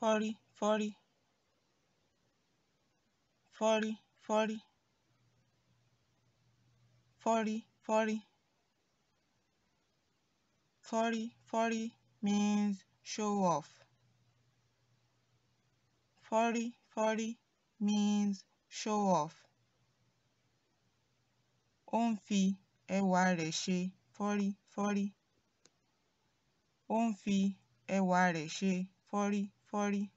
40, 40, 40, 40, 40, 40, 40, 40 means show off. 40, 40 means show off. Ó ń et ẹwà rẹ̀ ṣe fọ́rífọ́rí. Ó ń fi ẹwà rẹ̀ ṣe 40